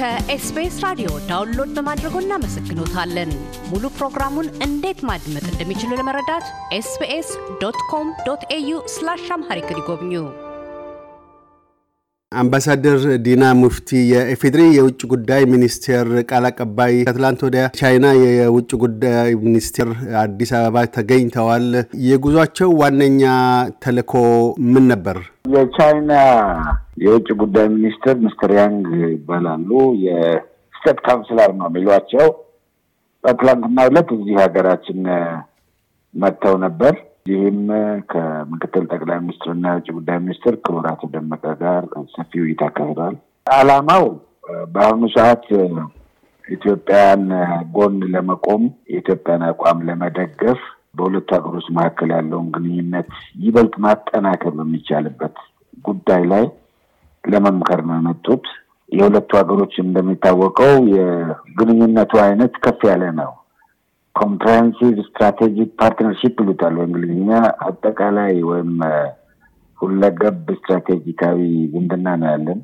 ከኤስቢኤስ ራዲዮ ዳውንሎድ በማድረጎ እናመሰግኖታለን። ሙሉ ፕሮግራሙን እንዴት ማድመጥ እንደሚችሉ ለመረዳት ኤስቢኤስ ዶት ኮም ዶት ኤዩ ስላሽ አምሃሪክ ይጎብኙ። አምባሳደር ዲና ሙፍቲ የኢፌዴሪ የውጭ ጉዳይ ሚኒስቴር ቃል አቀባይ ከትላንት ወዲያ ቻይና የውጭ ጉዳይ ሚኒስቴር አዲስ አበባ ተገኝተዋል። የጉዟቸው ዋነኛ ተልዕኮ ምን ነበር? የቻይና የውጭ ጉዳይ ሚኒስትር ምስትር ያንግ ይባላሉ። የስቴት ካውንስለር ነው የሚሏቸው። በትላንትናው ዕለት እዚህ ሀገራችን መጥተው ነበር። ይህም ከምክትል ጠቅላይ ሚኒስትርና የውጭ ጉዳይ ሚኒስትር ክቡራቱ ደመቀ ጋር ሰፊ ውይይት አካሂደዋል። በአሁኑ ሰዓት ኢትዮጵያን ጎን ለመቆም የኢትዮጵያን አቋም ለመደገፍ በሁለቱ ሀገሮች መካከል ያለውን ግንኙነት ይበልጥ ማጠናከር በሚቻልበት ጉዳይ ላይ ለመምከር ነው የመጡት። የሁለቱ ሀገሮች እንደሚታወቀው የግንኙነቱ አይነት ከፍ ያለ ነው። ኮምፕሬሄንሲቭ ስትራቴጂክ ፓርትነርሺፕ ይሉታል በእንግሊዝኛ። አጠቃላይ ወይም ሁለገብ ስትራቴጂካዊ ዝምድና ነው ያለን።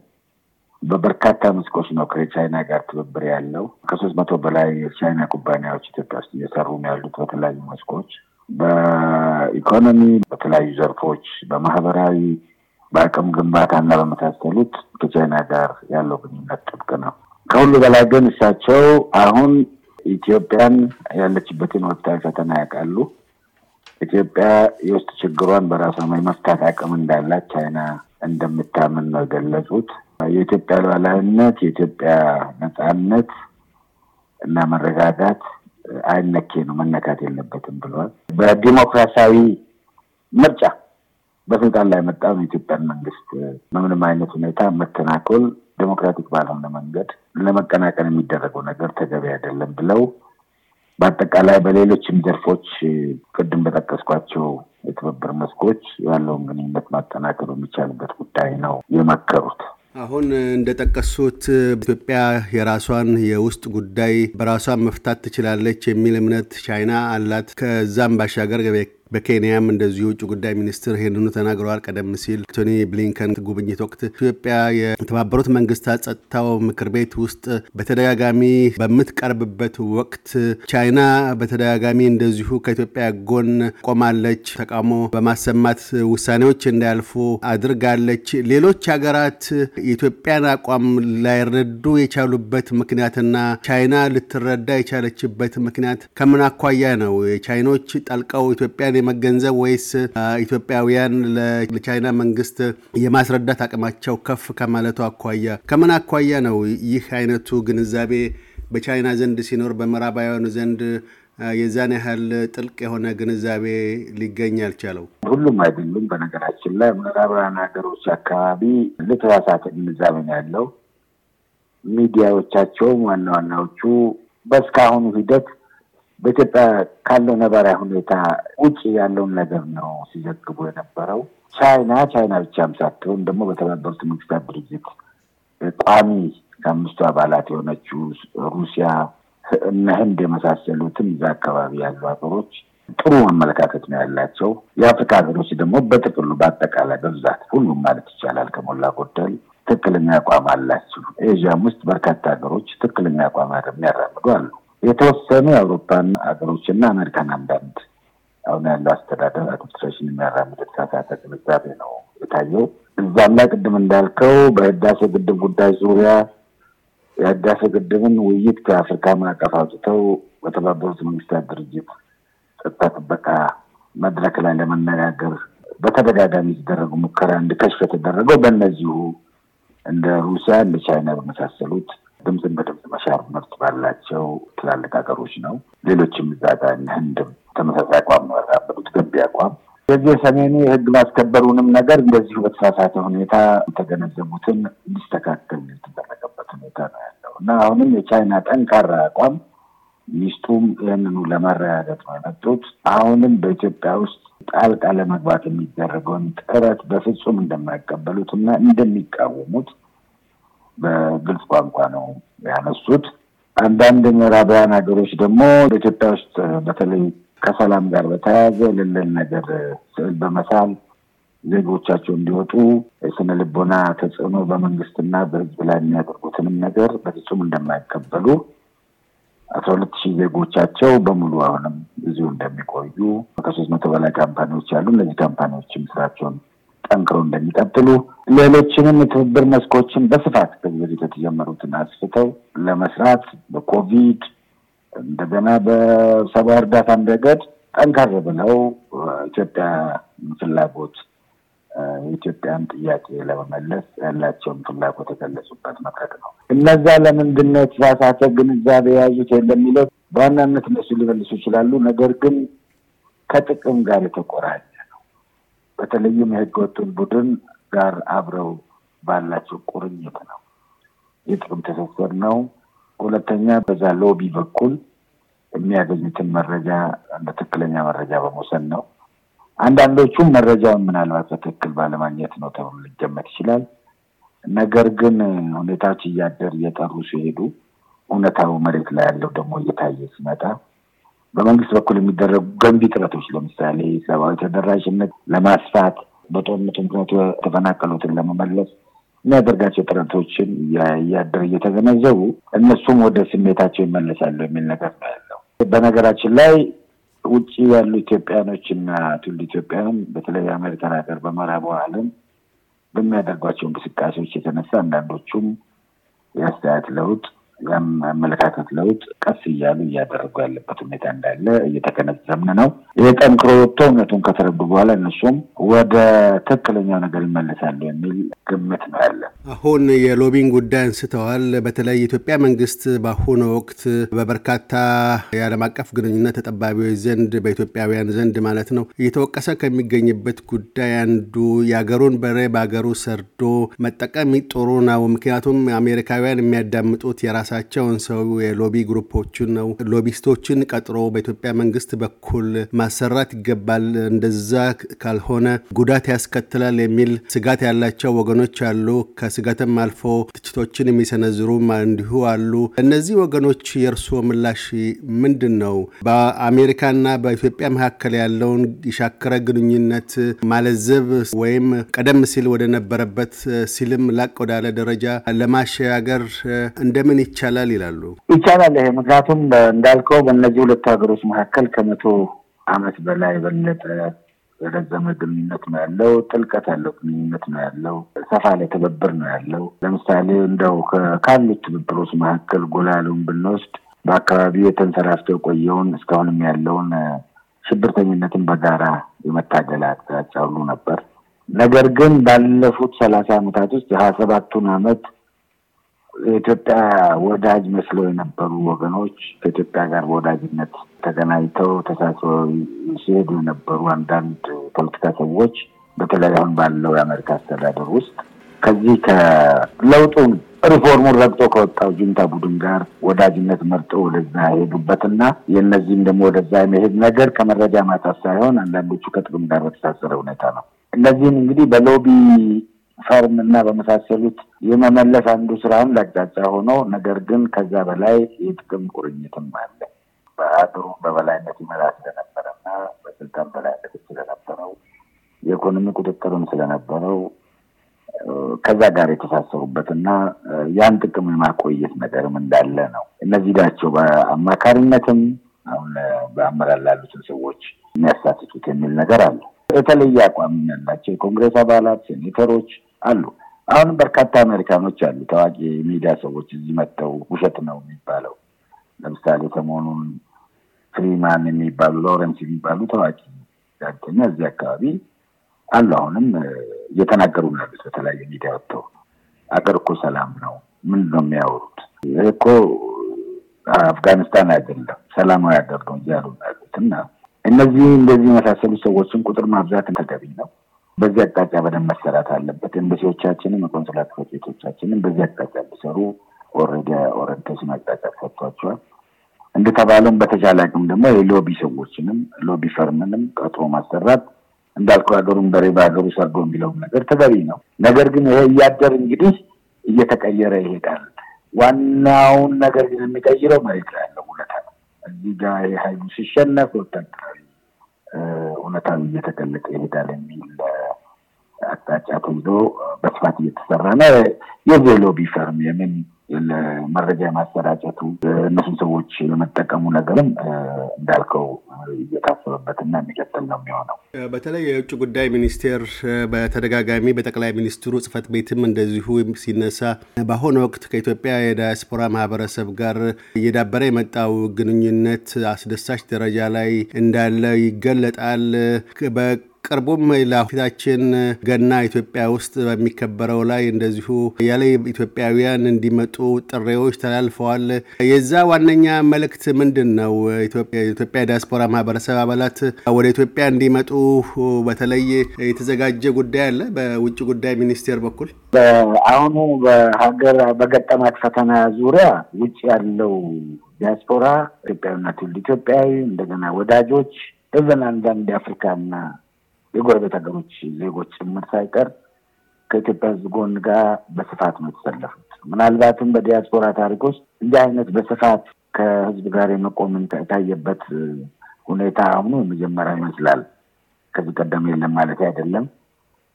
በበርካታ መስኮች ነው ከቻይና ጋር ትብብር ያለው። ከሶስት መቶ በላይ የቻይና ኩባንያዎች ኢትዮጵያ ውስጥ እየሰሩ ነው ያሉት በተለያዩ መስኮች፣ በኢኮኖሚ፣ በተለያዩ ዘርፎች፣ በማህበራዊ በአቅም ግንባታና በመሳሰሉት ከቻይና ጋር ያለው ግንኙነት ጥብቅ ነው። ከሁሉ በላይ ግን እሳቸው አሁን ኢትዮጵያን ያለችበትን ወቅታዊ ፈተና ያውቃሉ። ኢትዮጵያ የውስጥ ችግሯን በራሷ መፍታት አቅም እንዳላት ቻይና እንደምታምን ነው የገለጹት። የኢትዮጵያ ሉዓላዊነት፣ የኢትዮጵያ ነጻነት እና መረጋጋት አይነኬ ነው፣ መነካት የለበትም ብለዋል። በዲሞክራሲያዊ ምርጫ በስልጣን ላይ መጣም የኢትዮጵያን መንግስት በምንም አይነት ሁኔታ መተናኮል ዴሞክራቲክ ባልሆነ መንገድ ለመቀናቀን የሚደረገው ነገር ተገቢ አይደለም ብለው በአጠቃላይ በሌሎችም ዘርፎች ቅድም በጠቀስኳቸው የትብብር መስኮች ያለውን ግንኙነት ማጠናከር የሚቻልበት ጉዳይ ነው የመከሩት። አሁን እንደጠቀሱት ኢትዮጵያ የራሷን የውስጥ ጉዳይ በራሷን መፍታት ትችላለች የሚል እምነት ቻይና አላት። ከዛም ባሻገር በኬንያም እንደዚሁ ውጭ ጉዳይ ሚኒስትር ይህንኑ ተናግረዋል። ቀደም ሲል ቶኒ ብሊንከን ጉብኝት ወቅት ኢትዮጵያ የተባበሩት መንግስታት ጸጥታው ምክር ቤት ውስጥ በተደጋጋሚ በምትቀርብበት ወቅት ቻይና በተደጋጋሚ እንደዚሁ ከኢትዮጵያ ጎን ቆማለች፣ ተቃውሞ በማሰማት ውሳኔዎች እንዳያልፉ አድርጋለች። ሌሎች ሀገራት የኢትዮጵያን አቋም ላይረዱ የቻሉበት ምክንያትና ቻይና ልትረዳ የቻለችበት ምክንያት ከምን አኳያ ነው? የቻይኖች ጠልቀው ኢትዮጵያን ቻይናን የመገንዘብ ወይስ ኢትዮጵያውያን ለቻይና መንግስት የማስረዳት አቅማቸው ከፍ ከማለቱ አኳያ ከምን አኳያ ነው ይህ አይነቱ ግንዛቤ በቻይና ዘንድ ሲኖር በምዕራባውያኑ ዘንድ የዛን ያህል ጥልቅ የሆነ ግንዛቤ ሊገኝ አልቻለው? ሁሉም አይደሉም። በነገራችን ላይ ምዕራባውያን ሀገሮች አካባቢ ልተሳሳተ ግንዛቤ ነው ያለው። ሚዲያዎቻቸውም ዋና ዋናዎቹ በስካሁኑ ሂደት በኢትዮጵያ ካለው ነባራዊ ሁኔታ ውጭ ያለውን ነገር ነው ሲዘግቡ የነበረው። ቻይና ቻይና ብቻም ሳትሆን ደግሞ በተባበሩት መንግስታት ድርጅት ቋሚ ከአምስቱ አባላት የሆነችው ሩሲያ እና ህንድ የመሳሰሉትን እዛ አካባቢ ያሉ ሀገሮች ጥሩ አመለካከት ነው ያላቸው። የአፍሪካ ሀገሮች ደግሞ በጥቅሉ በአጠቃላይ በብዛት ሁሉም ማለት ይቻላል ከሞላ ጎደል ትክክለኛ አቋም አላቸው። ኤዥያም ውስጥ በርካታ ሀገሮች ትክክለኛ አቋም የሚያራምዱ አሉ። የተወሰኑ የአውሮፓን ሀገሮችና አሜሪካን አንዳንድ አሁን ያለው አስተዳደር አድሚኒስትሬሽን የሚያራምድ የተሳሳተ ግንዛቤ ነው የታየው። እዛም ላይ ቅድም እንዳልከው በህዳሴ ግድብ ጉዳይ ዙሪያ የህዳሴ ግድብን ውይይት ከአፍሪካ ማዕቀፍ አውጥተው በተባበሩት መንግስታት ድርጅት ጸጥታ ጥበቃ መድረክ ላይ ለመነጋገር በተደጋጋሚ የተደረጉ ሙከራ እንዲከሽፍ የተደረገው በእነዚሁ እንደ ሩሲያ እንደ ቻይና በመሳሰሉት ድምፅን በድምፅ መሻር መብት ባላቸው ትላልቅ ሀገሮች ነው። ሌሎችም እዛ ጋር እነ ህንድም ተመሳሳይ አቋም ነው ያራመዱት፣ ገንቢ አቋም። የዚህ የሰሜኑ የህግ ማስከበሩንም ነገር እንደዚሁ በተሳሳተ ሁኔታ የተገነዘቡትን እንዲስተካከል የተደረገበት ሁኔታ ነው ያለው እና አሁንም የቻይና ጠንካራ አቋም ሚስቱም ይህንኑ ለማረጋገጥ ነው የመጡት። አሁንም በኢትዮጵያ ውስጥ ጣልቃ ለመግባት የሚደረገውን ጥረት በፍጹም እንደማይቀበሉት እና እንደሚቃወሙት በግልጽ ቋንቋ ነው ያነሱት። አንዳንድ ምዕራባውያን ሀገሮች ደግሞ በኢትዮጵያ ውስጥ በተለይ ከሰላም ጋር በተያያዘ ልልል ነገር ስዕል በመሳል ዜጎቻቸው እንዲወጡ የስነ ልቦና ተጽዕኖ በመንግስትና በህዝብ ላይ የሚያደርጉትንም ነገር በፍጹም እንደማይቀበሉ አስራ ሁለት ሺህ ዜጎቻቸው በሙሉ አሁንም እዚሁ እንደሚቆዩ ከሶስት መቶ በላይ ካምፓኒዎች ያሉ እነዚህ ካምፓኒዎችም ስራቸውን ጠንክሮ እንደሚቀጥሉ ሌሎችንም የትብብር መስኮችን በስፋት በየፊት የተጀመሩትን አስፍተው ለመስራት በኮቪድ እንደገና በሰብአዊ እርዳታም ረገድ ጠንካር ብለው ኢትዮጵያ ፍላጎት የኢትዮጵያን ጥያቄ ለመመለስ ያላቸውን ፍላጎት የገለጹበት መድረክ ነው። እነዛ ለምንድን ነው የተሳሳተ ግንዛቤ የያዙት የለሚለው በዋናነት እነሱ ሊመልሱ ይችላሉ። ነገር ግን ከጥቅም ጋር የተቆራኘ በተለይም የህገወጡን ቡድን ጋር አብረው ባላቸው ቁርኝት ነው የጥቅም ትስስር ነው። ሁለተኛ በዛ ሎቢ በኩል የሚያገኙትን መረጃ እንደ ትክክለኛ መረጃ በመውሰድ ነው። አንዳንዶቹም መረጃውን ምናልባት በትክክል ባለማግኘት ነው ተብሎ ሊገመት ይችላል። ነገር ግን ሁኔታዎች እያደር እየጠሩ ሲሄዱ እውነታው መሬት ላይ ያለው ደግሞ እየታየ ሲመጣ በመንግስት በኩል የሚደረጉ ገንቢ ጥረቶች ለምሳሌ ሰብአዊ ተደራሽነት ለማስፋት በጦርነቱ ምክንያት የተፈናቀሉትን ለመመለስ የሚያደርጋቸው ጥረቶችን እያደር እየተገነዘቡ እነሱም ወደ ስሜታቸው ይመለሳሉ የሚል ነገር ነው ያለው። በነገራችን ላይ ውጭ ያሉ ኢትዮጵያኖች እና ትውልደ ኢትዮጵያን በተለይ አሜሪካን ሀገር በምዕራቡ ዓለም በሚያደርጓቸው እንቅስቃሴዎች የተነሳ አንዳንዶቹም የአስተያየት ለውጥ አመለካከት ለውጥ ቀስ እያሉ እያደረጉ ያለበት ሁኔታ እንዳለ እየተገነዘብን ነው። ይህ ጠንክሮ ወጥቶ እውነቱን ከተረዱ በኋላ እነሱም ወደ ትክክለኛው ነገር ይመለሳሉ የሚል ግምት ነው ያለ። አሁን የሎቢንግ ጉዳይ አንስተዋል። በተለይ የኢትዮጵያ መንግስት በአሁኑ ወቅት በበርካታ የዓለም አቀፍ ግንኙነት ተጠባቢዎች ዘንድ በኢትዮጵያውያን ዘንድ ማለት ነው እየተወቀሰ ከሚገኝበት ጉዳይ አንዱ የአገሩን በሬ በአገሩ ሰርዶ መጠቀም ጥሩ ነው። ምክንያቱም አሜሪካውያን የሚያዳምጡት የራ የራሳቸውን ሰው የሎቢ ግሩፖችን ነው ሎቢስቶችን ቀጥሮ በኢትዮጵያ መንግስት በኩል ማሰራት ይገባል፣ እንደዛ ካልሆነ ጉዳት ያስከትላል የሚል ስጋት ያላቸው ወገኖች አሉ። ከስጋትም አልፎ ትችቶችን የሚሰነዝሩም እንዲሁ አሉ። እነዚህ ወገኖች የእርስዎ ምላሽ ምንድን ነው? በአሜሪካና በኢትዮጵያ መካከል ያለውን የሻከረ ግንኙነት ማለዘብ ወይም ቀደም ሲል ወደነበረበት ሲልም ላቅ ወዳለ ደረጃ ለማሸጋገር እንደምን ይቻላል ይላሉ። ይቻላል ይሄ ምክንያቱም እንዳልከው በእነዚህ ሁለቱ ሀገሮች መካከል ከመቶ ዓመት በላይ በለጠ የረዘመ ግንኙነት ነው ያለው። ጥልቀት ያለው ግንኙነት ነው ያለው። ሰፋ ላይ ትብብር ነው ያለው። ለምሳሌ እንደው ካሉት ትብብሮች መካከል ጎላሉን ብንወስድ በአካባቢው የተንሰራፍቶ የቆየውን እስካሁንም ያለውን ሽብርተኝነትን በጋራ የመታገል አቅጣጫ ሁሉ ነበር። ነገር ግን ባለፉት ሰላሳ ዓመታት ውስጥ የሀያ ሰባቱን ዓመት የኢትዮጵያ ወዳጅ መስለው የነበሩ ወገኖች ከኢትዮጵያ ጋር በወዳጅነት ተገናኝተው ተሳስበው ሲሄዱ የነበሩ አንዳንድ ፖለቲካ ሰዎች በተለይ አሁን ባለው የአሜሪካ አስተዳደር ውስጥ ከዚህ ከለውጡን ሪፎርሙን ረግጦ ከወጣው ጁንታ ቡድን ጋር ወዳጅነት መርጦ ወደዛ ሄዱበትና የእነዚህም ደግሞ ወደዛ የመሄድ ነገር ከመረጃ ማጣት ሳይሆን አንዳንዶቹ ከጥቅም ጋር በተሳሰረ ሁኔታ ነው። እነዚህም እንግዲህ በሎቢ ፈርም እና በመሳሰሉት የመመለስ አንዱ ስራ አንድ አቅጣጫ ሆኖ፣ ነገር ግን ከዛ በላይ የጥቅም ቁርኝትም አለ። በአገሩ በበላይነት ይመራ ስለነበረና በስልጣን በላይነት ስለነበረው የኢኮኖሚ ቁጥጥርም ስለነበረው ከዛ ጋር የተሳሰሩበትና ያን ጥቅም የማቆየት ነገርም እንዳለ ነው። እነዚህ ናቸው በአማካሪነትም አሁን በአመራር ላሉትን ሰዎች የሚያሳትቱት የሚል ነገር አለ። የተለየ አቋም ያላቸው የኮንግሬስ አባላት ሴኔተሮች አሉ። አሁንም በርካታ አሜሪካኖች አሉ፣ ታዋቂ ሚዲያ ሰዎች እዚህ መጥተው ውሸት ነው የሚባለው። ለምሳሌ ሰሞኑን ፍሪማን የሚባሉ ሎረንስ የሚባሉ ታዋቂ ጋዜጠኛ እዚህ አካባቢ አሉ። አሁንም እየተናገሩ ናሉት በተለያየ ሚዲያ ወጥተው አገር እኮ ሰላም ነው። ምን ነው የሚያወሩት? እኮ አፍጋኒስታን አይደለም ሰላማዊ ሀገር እዚ ያሉ ናሉት እና እነዚህ እንደዚህ የመሳሰሉ ሰዎችን ቁጥር ማብዛት ተገቢ ነው። በዚህ አቅጣጫ በደንብ መሰራት አለበት። ኤምባሲዎቻችንም የቆንስላ ጽሕፈት ቤቶቻችንም በዚህ አቅጣጫ እንዲሰሩ ኦልሬዲ ኦሪንቴሽን አቅጣጫ ሰጥቷቸዋል። እንደተባለውም በተቻለ አቅም ደግሞ የሎቢ ሰዎችንም ሎቢ ፈርምንም ቀጥሮ ማሰራት እንዳልኩ ሀገሩን በሬ በሀገሩ ሰርዶ የሚለውም ነገር ተገቢ ነው። ነገር ግን ይሄ እያደር እንግዲህ እየተቀየረ ይሄዳል። ዋናውን ነገር ግን የሚቀይረው መሬት ላይ ያለው እውነታ ነው። እዚህ ጋር ይሄ ሀይሉ ሲሸነፍ ወታደራዊ እውነታዊ እየተገለጠ ይሄዳል የሚል አቅጣጫ ተይዞ በስፋት እየተሰራ ነው። የቬሎ ቢፈርም የምን መረጃ የማሰራጨቱ እነሱን ሰዎች የመጠቀሙ ነገርም እንዳልከው እየታሰበበትና የሚቀጥል ነው የሚሆነው። በተለይ የውጭ ጉዳይ ሚኒስቴር በተደጋጋሚ በጠቅላይ ሚኒስትሩ ጽህፈት ቤትም እንደዚሁ ሲነሳ በአሁኑ ወቅት ከኢትዮጵያ የዳያስፖራ ማህበረሰብ ጋር እየዳበረ የመጣው ግንኙነት አስደሳች ደረጃ ላይ እንዳለ ይገለጣል። ቅርቡም ለፊታችን ገና ኢትዮጵያ ውስጥ በሚከበረው ላይ እንደዚሁ ያለ ኢትዮጵያውያን እንዲመጡ ጥሪዎች ተላልፈዋል። የዛ ዋነኛ መልእክት ምንድን ነው? የኢትዮጵያ ዲያስፖራ ማህበረሰብ አባላት ወደ ኢትዮጵያ እንዲመጡ በተለይ የተዘጋጀ ጉዳይ አለ በውጭ ጉዳይ ሚኒስቴር በኩል በአሁኑ በሀገር በገጠማት ፈተና ዙሪያ ውጭ ያለው ዲያስፖራ ኢትዮጵያዊና ትውልድ ኢትዮጵያዊ እንደገና ወዳጆች እዘን አንዳንድ አፍሪካና የጎረቤት ሀገሮች ዜጎች ጭምር ሳይቀር ከኢትዮጵያ ሕዝብ ጎን ጋር በስፋት ነው የተሰለፉት። ምናልባትም በዲያስፖራ ታሪክ ውስጥ እንዲህ አይነት በስፋት ከሕዝብ ጋር የመቆምን የታየበት ሁኔታ አሁኑ የመጀመሪያ ይመስላል። ከዚህ ቀደም የለም ማለት አይደለም።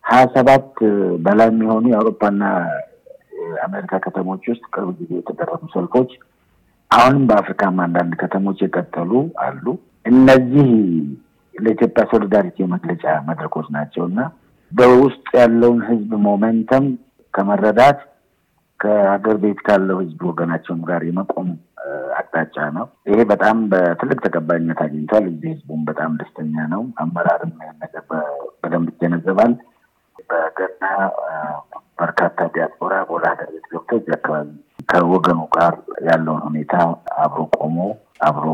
ሀያ ሰባት በላይ የሚሆኑ የአውሮፓና የአሜሪካ ከተሞች ውስጥ ቅርብ ጊዜ የተደረጉ ሰልፎች አሁንም በአፍሪካም አንዳንድ ከተሞች የቀጠሉ አሉ። እነዚህ ለኢትዮጵያ ሶሊዳሪቲ የመግለጫ መድረኮች ናቸው እና በውስጥ ያለውን ህዝብ ሞሜንተም ከመረዳት ከሀገር ቤት ካለው ህዝብ ወገናቸውም ጋር የመቆም አቅጣጫ ነው። ይሄ በጣም በትልቅ ተቀባይነት አግኝቷል። እዚህ ህዝቡም በጣም ደስተኛ ነው። አመራርም ነገር በደንብ ይገነዘባል። በገና በርካታ ዲያስፖራ ወደ ሀገር ቤት ገብቶ እዚህ አካባቢ ከወገኑ ጋር ያለውን ሁኔታ አብሮ ቆሞ አብሮ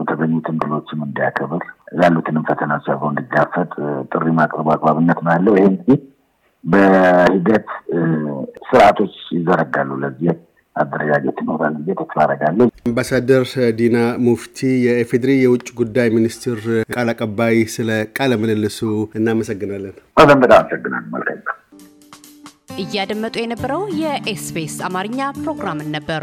የተገኙትን ድሎችም እንዲያከብር ያሉትንም ፈተና አብሮ እንዲጋፈጥ ጥሪ ማቅረብ አግባብነት ነው ያለው። ይህ እንግዲህ በሂደት ስርዓቶች ይዘረጋሉ ለዚህ አደረጃጀት ይኖራል ብዬ ተስፋ አደርጋለሁ። አምባሳደር ዲና ሙፍቲ የኢፌዴሪ የውጭ ጉዳይ ሚኒስትር ቃል አቀባይ፣ ስለ ቃለ ምልልሱ እናመሰግናለን። በጣም በጣም አመሰግናለሁ። መልካም እያደመጡ የነበረው የኤስቢኤስ አማርኛ ፕሮግራምን ነበር።